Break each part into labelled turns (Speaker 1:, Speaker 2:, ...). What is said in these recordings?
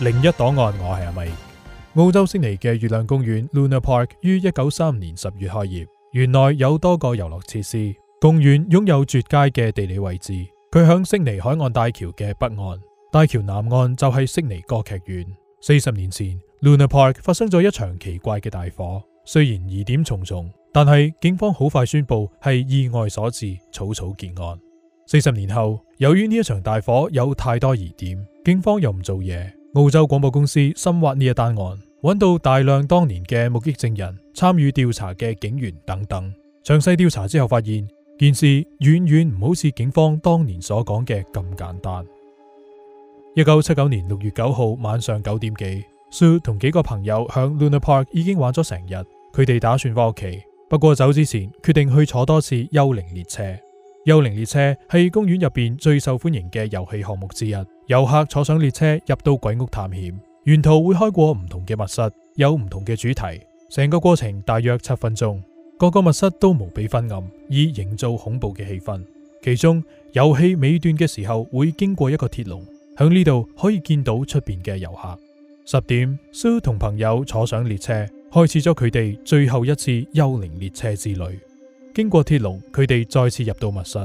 Speaker 1: 另一檔案，我係阿米。澳洲悉尼嘅月亮公園 （Luna Park） 於一九三五年十月開業，園內有多個遊樂設施。公園擁有絕佳嘅地理位置，佢響悉尼海岸大橋嘅北岸，大橋南岸就係悉尼歌劇院。四十年前，Luna Park 發生咗一場奇怪嘅大火，雖然疑點重重，但係警方好快宣布係意外所致，草草結案。四十年後，由於呢一場大火有太多疑點，警方又唔做嘢。澳洲廣播公司深挖呢一單案，揾到大量當年嘅目擊證人、參與調查嘅警員等等，詳細調查之後發現，件事遠遠唔好似警方當年所講嘅咁簡單。一九七九年六月九號晚上九點幾，蘇同幾個朋友向 Luna Park 已經玩咗成日，佢哋打算翻屋企，不過走之前決定去坐多次幽靈列車。幽靈列車係公園入邊最受歡迎嘅遊戲項目之一，遊客坐上列車入到鬼屋探險，沿途會開過唔同嘅密室，有唔同嘅主題，成個過程大約七分鐘，各個密室都無比昏暗，以營造恐怖嘅氣氛。其中遊戲尾段嘅時候會經過一個鐵籠，響呢度可以見到出邊嘅遊客。十點，蘇同朋友坐上列車，開始咗佢哋最後一次幽靈列車之旅。經過鐵籠，佢哋再次入到密室。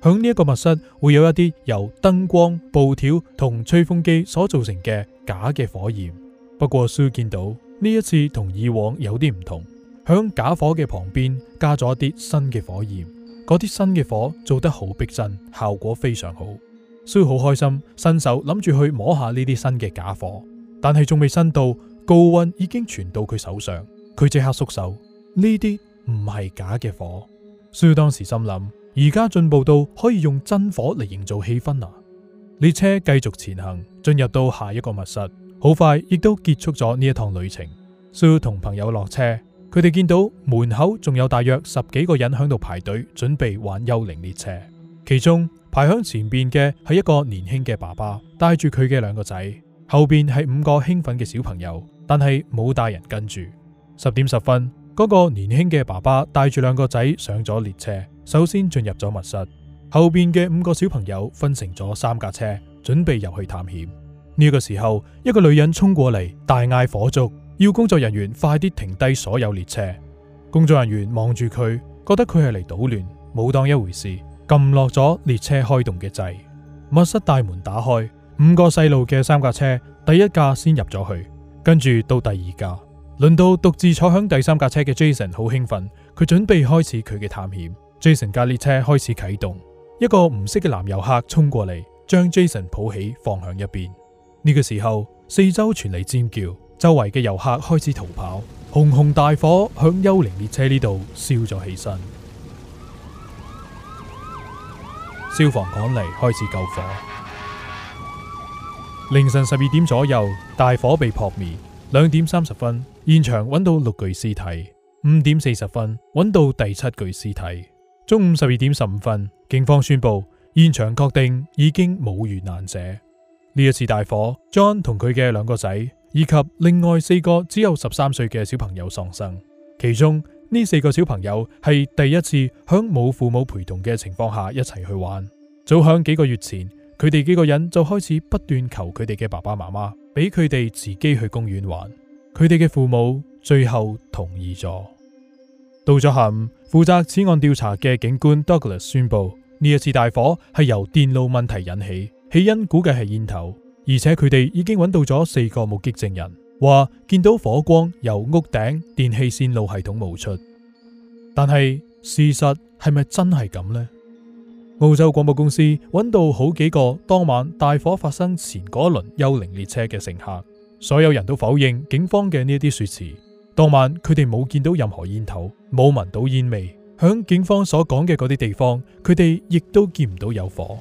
Speaker 1: 響呢一個密室會有一啲由燈光、布條同吹風機所造成嘅假嘅火焰。不過，蘇見到呢一次同以往有啲唔同，響假火嘅旁邊加咗一啲新嘅火焰。嗰啲新嘅火做得好逼真，效果非常好。蘇好開心，伸手諗住去摸下呢啲新嘅假火，但係仲未伸到，高溫已經傳到佢手上。佢即刻縮手。呢啲唔係假嘅火。蘇當時心諗，而家進步到可以用真火嚟營造氣氛啊！列車繼續前行，進入到下一個密室。好快，亦都結束咗呢一趟旅程。蘇同朋友落車，佢哋見到門口仲有大約十幾個人響度排隊，準備玩幽靈列車。其中排響前邊嘅係一個年輕嘅爸爸，帶住佢嘅兩個仔。後邊係五個興奮嘅小朋友，但係冇大人跟住。十點十分。嗰個年輕嘅爸爸帶住兩個仔上咗列車，首先進入咗密室。後邊嘅五個小朋友分成咗三架車，準備入去探險。呢、這個時候，一個女人衝過嚟，大嗌火燭，要工作人員快啲停低所有列車。工作人員望住佢，覺得佢係嚟搗亂，冇當一回事，撳落咗列車開動嘅掣。密室大門打開，五個細路嘅三架車，第一架先入咗去，跟住到第二架。輪到獨自坐響第三架車嘅 Jason 好興奮，佢準備開始佢嘅探險。Jason 架列車開始啟動，一個唔識嘅男遊客衝過嚟，將 Jason 抱起放響一邊。呢個時候，四周傳嚟尖叫，周圍嘅遊客開始逃跑。熊熊大火向幽靈列車呢度燒咗起身，消防趕嚟開始救火。凌晨十二點左右，大火被撲滅。兩點三十分。現場揾到六具屍體，五點四十分揾到第七具屍體。中午十二點十五分，警方宣布現場確定已經冇遇難者。呢一次大火，John 同佢嘅兩個仔以及另外四個只有十三歲嘅小朋友喪生。其中呢四個小朋友係第一次響冇父母陪同嘅情況下一齊去玩。早響幾個月前，佢哋幾個人就開始不斷求佢哋嘅爸爸媽媽俾佢哋自己去公園玩。佢哋嘅父母最後同意咗。到咗下午，負責此案調查嘅警官 Douglas 宣布，呢一次大火係由電路問題引起，起因估計係煙頭，而且佢哋已經揾到咗四個目擊證人，話見到火光由屋頂電氣線路系統冒出。但係事實係咪真係咁呢？澳洲廣播公司揾到好幾個當晚大火發生前嗰一輪幽靈列車嘅乘客。所有人都否認警方嘅呢啲說辭。當晚佢哋冇見到任何煙頭，冇聞到煙味。響警方所講嘅嗰啲地方，佢哋亦都見唔到有火。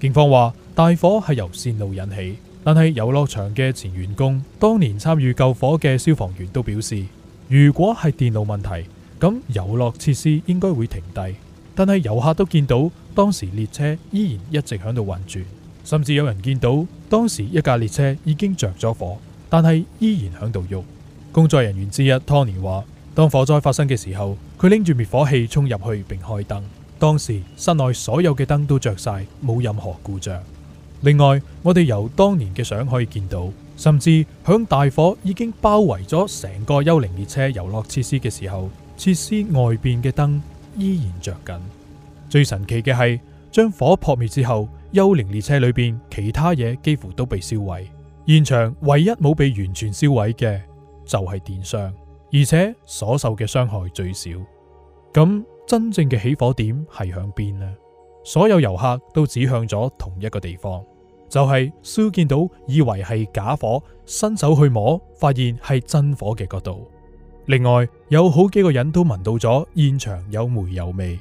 Speaker 1: 警方話大火係由綫路引起，但係遊樂場嘅前員工、當年參與救火嘅消防員都表示，如果係電路問題，咁遊樂設施應該會停低。但係遊客都見到當時列車依然一直響度運轉，甚至有人見到當時一架列車已經着咗火。但係依然喺度喐。工作人員之一 Tony 話，當火災發生嘅時候，佢拎住滅火器衝入去並開燈。當時室內所有嘅燈都着晒，冇任何故障。另外，我哋由當年嘅相可以見到，甚至響大火已經包圍咗成個幽靈列車遊樂設施嘅時候，設施外邊嘅燈依然着緊。最神奇嘅係，將火撲滅之後，幽靈列車裏邊其他嘢幾乎都被燒毀。現場唯一冇被完全燒毀嘅就係、是、電箱，而且所受嘅傷害最少。咁真正嘅起火點係響邊呢？所有遊客都指向咗同一個地方，就係、是、燒見到以為係假火，伸手去摸，發現係真火嘅嗰度。另外有好幾個人都聞到咗現場有煤油味，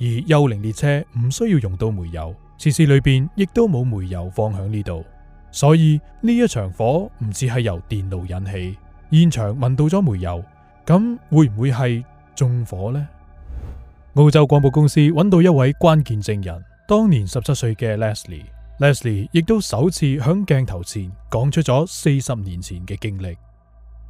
Speaker 1: 而幽靈列車唔需要用到煤油，設施裏邊亦都冇煤油放響呢度。所以呢一場火唔止係由電路引起，現場聞到咗煤油，咁會唔會係縱火呢？澳洲廣播公司揾到一位關鍵證人，當年十七歲嘅 Leslie，Leslie 亦都首次響鏡頭前講出咗四十年前嘅經歷。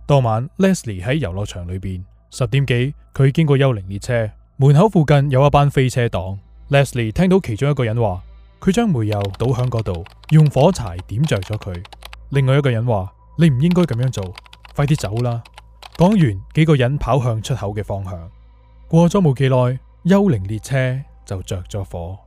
Speaker 1: 當晚 Leslie 喺遊樂場裏邊，十點幾佢經過幽靈列車門口附近有一班飛車黨，Leslie 聽到其中一個人話。佢將煤油倒向嗰度，用火柴點點着咗佢。另外一個人話：你唔應該咁樣做，快啲走啦！講完，幾個人跑向出口嘅方向。過咗冇幾耐，幽靈列車就着咗火。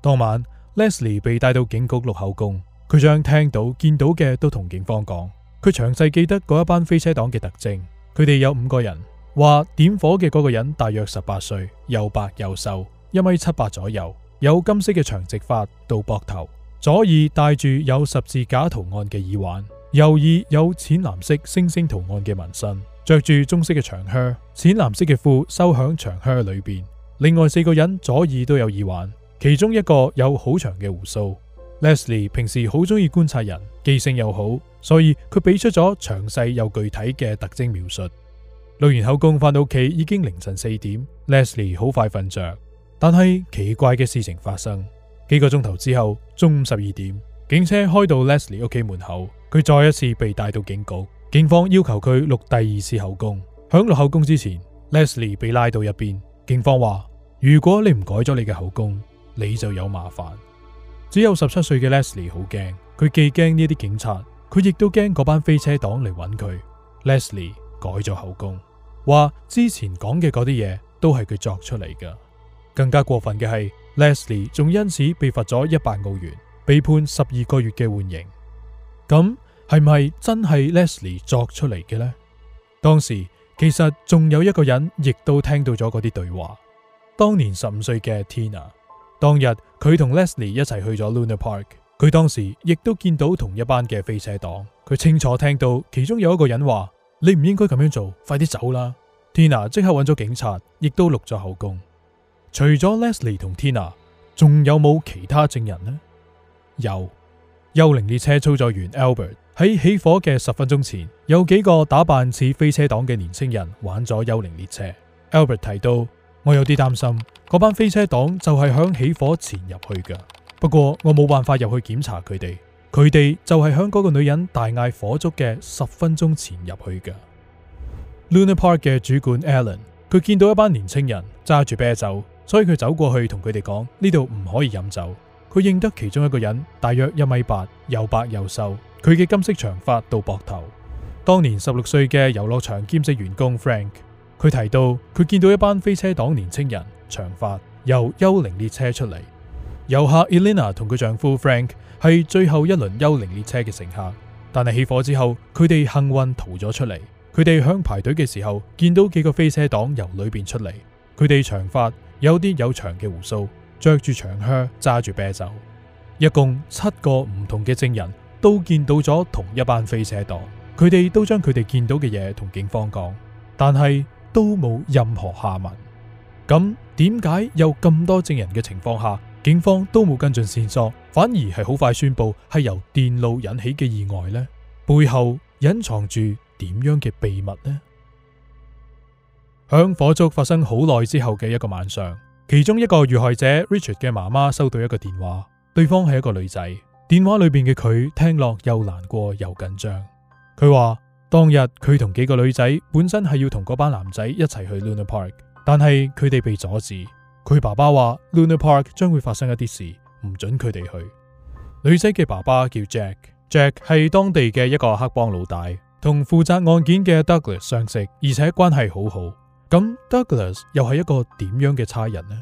Speaker 1: 當晚，Leslie 被帶到警局錄口供，佢將聽到、見到嘅都同警方講。佢詳細記得嗰一班飛車黨嘅特徵。佢哋有五個人，話點火嘅嗰個人大約十八歲，又白又瘦，一米七八左右。有金色嘅長直髮到膊頭，左耳戴住有十字架圖案嘅耳環，右耳有淺藍色星星圖案嘅紋身，着住棕色嘅長靴，淺藍色嘅褲收響長靴裏邊。另外四個人左耳都有耳環，其中一個有好長嘅鬍鬚。Leslie 平時好中意觀察人，記性又好，所以佢俾出咗詳細又具體嘅特徵描述。錄完口供翻到屋企已經凌晨四點，Leslie 好快瞓着。但係奇怪嘅事情發生幾個鐘頭之後，中午十二點，警車開到 Leslie 屋企門口，佢再一次被帶到警局，警方要求佢錄第二次口供。響錄口供之前，Leslie 被拉到一邊，警方話：如果你唔改咗你嘅口供，你就有麻煩。只有十七歲嘅 Leslie 好驚，佢既驚呢啲警察，佢亦都驚嗰班飛車黨嚟搵佢。Leslie 改咗口供，話之前講嘅嗰啲嘢都係佢作出嚟㗎。更加過分嘅係，Leslie 仲因此被罰咗一百澳元，被判十二個月嘅緩刑。咁係咪真係 Leslie 作出嚟嘅呢？當時其實仲有一個人亦都聽到咗嗰啲對話。當年十五歲嘅 Tina 當日佢同 Leslie 一齊去咗 Luna Park，佢當時亦都見到同一班嘅飛車黨。佢清楚聽到其中有一個人話：「你唔應該咁樣做，快啲走啦！」Tina 即刻揾咗警察，亦都錄咗口供。除咗 Leslie 同 Tina，仲有冇其他證人呢？有，幽靈列車操作員 Albert 喺起火嘅十分鐘前，有幾個打扮似飛車黨嘅年輕人玩咗幽靈列車。Albert 提到，我有啲擔心嗰班飛車黨就係響起火前入去㗎。不過我冇辦法入去檢查佢哋，佢哋就係響嗰個女人大嗌火燭嘅十分鐘前入去㗎。Luna Park 嘅主管 Alan，佢見到一班年輕人揸住啤酒。所以佢走過去同佢哋講，呢度唔可以飲酒。佢認得其中一個人，大約一米八，又白又瘦。佢嘅金色長髮到膊頭。當年十六歲嘅遊樂場兼職員工 Frank，佢提到佢見到一班飛車黨年輕人，長髮，由幽靈列車出嚟。遊客 Elena 同佢丈夫 Frank 係最後一輪幽靈列車嘅乘客，但係起火之後佢哋幸運逃咗出嚟。佢哋響排隊嘅時候見到幾個飛車黨由裏面出嚟，佢哋長髮。有啲有長嘅鬍鬚，着住長靴，揸住啤酒。一共七個唔同嘅證人都見到咗同一班飛車黨，佢哋都將佢哋見到嘅嘢同警方講，但係都冇任何下文。咁點解有咁多證人嘅情況下，警方都冇跟進線索，反而係好快宣布係由電路引起嘅意外呢？背後隱藏住點樣嘅秘密呢？響火燭發生好耐之後嘅一個晚上，其中一個遇害者 Richard 嘅媽媽收到一個電話，對方係一個女仔。電話裏邊嘅佢聽落又難過又緊張。佢話當日佢同幾個女仔本身係要同嗰班男仔一齊去 Luna Park，但係佢哋被阻止。佢爸爸話 Luna Park 將會發生一啲事，唔准佢哋去。女仔嘅爸爸叫 Jack，Jack 係 Jack 當地嘅一個黑幫老大，同負責案件嘅 Douglas 相識，而且關係好好。咁，Douglas 又係一個點樣嘅差人呢？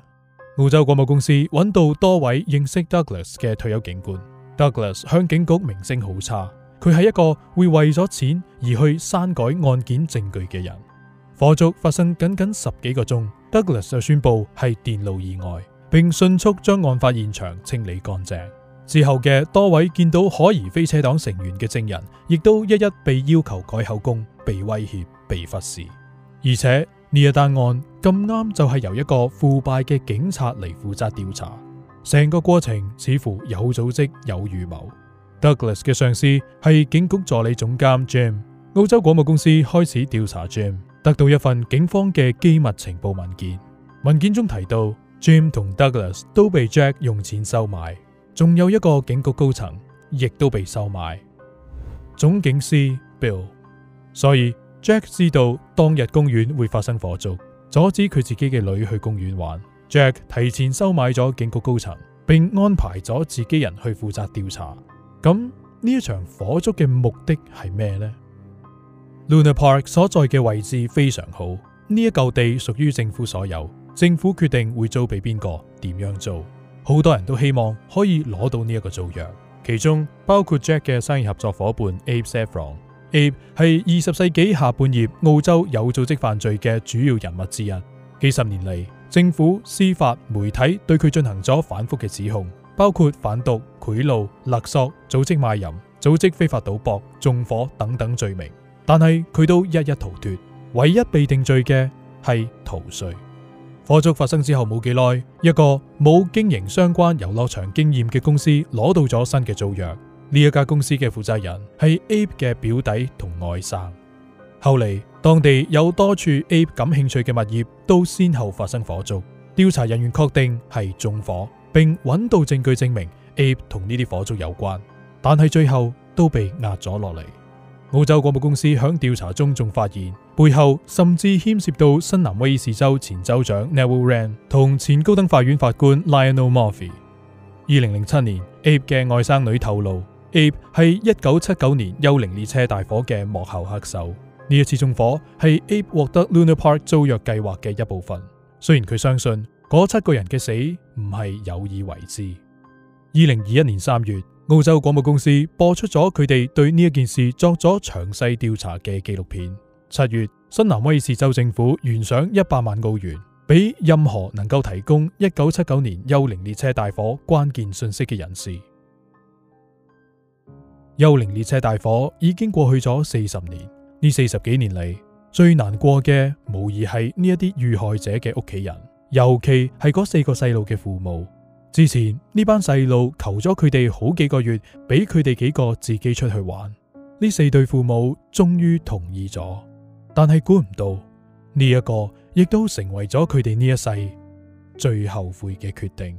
Speaker 1: 澳洲廣播公司揾到多位認識 Douglas 嘅退休警官。Douglas 向警局名聲好差，佢係一個會為咗錢而去刪改案件證據嘅人。火燭發生僅僅十幾個鐘，Douglas 就宣布係電路意外，並迅速將案發現場清理乾淨。之後嘅多位見到可疑飛車黨成員嘅證人，亦都一一被要求改口供，被威脅，被忽視，而且。呢一單案咁啱就係由一個腐敗嘅警察嚟負責調查，成個過程似乎有組織有預謀。Douglas 嘅上司係警局助理總監 Jim，澳洲廣播公司開始調查 Jim，得到一份警方嘅機密情報文件，文件中提到 Jim 同 Douglas 都被 Jack 用錢收買，仲有一個警局高層亦都被收買，總警司 Bill。所以 Jack 知道。當日公園會發生火燭，阻止佢自己嘅女去公園玩。Jack 提前收買咗警局高層，並安排咗自己人去負責調查。咁呢一場火燭嘅目的係咩呢？Luna Park 所在嘅位置非常好，呢一嚿地屬於政府所有，政府決定會租俾邊個，點樣租，好多人都希望可以攞到呢一個租約，其中包括 Jack 嘅生意合作伙伴 Abe Saffron。A 係二十世紀下半葉澳洲有組織犯罪嘅主要人物之一。幾十年嚟，政府、司法、媒體對佢進行咗反復嘅指控，包括販毒、賄賂、勒索、組織賣淫、組織，組織非法賭博、縱火等等罪名。但係佢都一一逃脫，唯一被定罪嘅係逃稅。火燭發生之後冇幾耐，一個冇經營相關遊樂場經驗嘅公司攞到咗新嘅租約。呢一家公司嘅負責人係 Abe 嘅表弟同外甥。後嚟，當地有多處 Abe 感興趣嘅物業都先後發生火燭，調查人員確定係縱火，並揾到證據證明 Abe 同呢啲火燭有關，但係最後都被壓咗落嚟。澳洲廣播公司響調查中仲發現，背後甚至牽涉到新南威爾士州前州長 Neville Wran 同前高等法院法官 Lionel Murphy。二零零七年，Abe 嘅外甥女透露。Abe 係一九七九年幽靈列車大火嘅幕後黑手。呢一次縱火係 Abe 獲得 Lunar Park 租約計劃嘅一部分。雖然佢相信嗰七個人嘅死唔係有意為之。二零二一年三月，澳洲廣播公司播出咗佢哋對呢一件事作咗詳細調查嘅紀錄片。七月，新南威爾士州政府懸賞一百萬澳元，俾任何能夠提供一九七九年幽靈列車大火關鍵信息嘅人士。幽靈列車大火已經過去咗四十年，呢四十幾年嚟最難過嘅，無疑係呢一啲遇害者嘅屋企人，尤其係嗰四個細路嘅父母。之前呢班細路求咗佢哋好幾個月，俾佢哋幾個自己出去玩，呢四對父母終於同意咗，但係估唔到呢一個亦都成為咗佢哋呢一世最後悔嘅決定。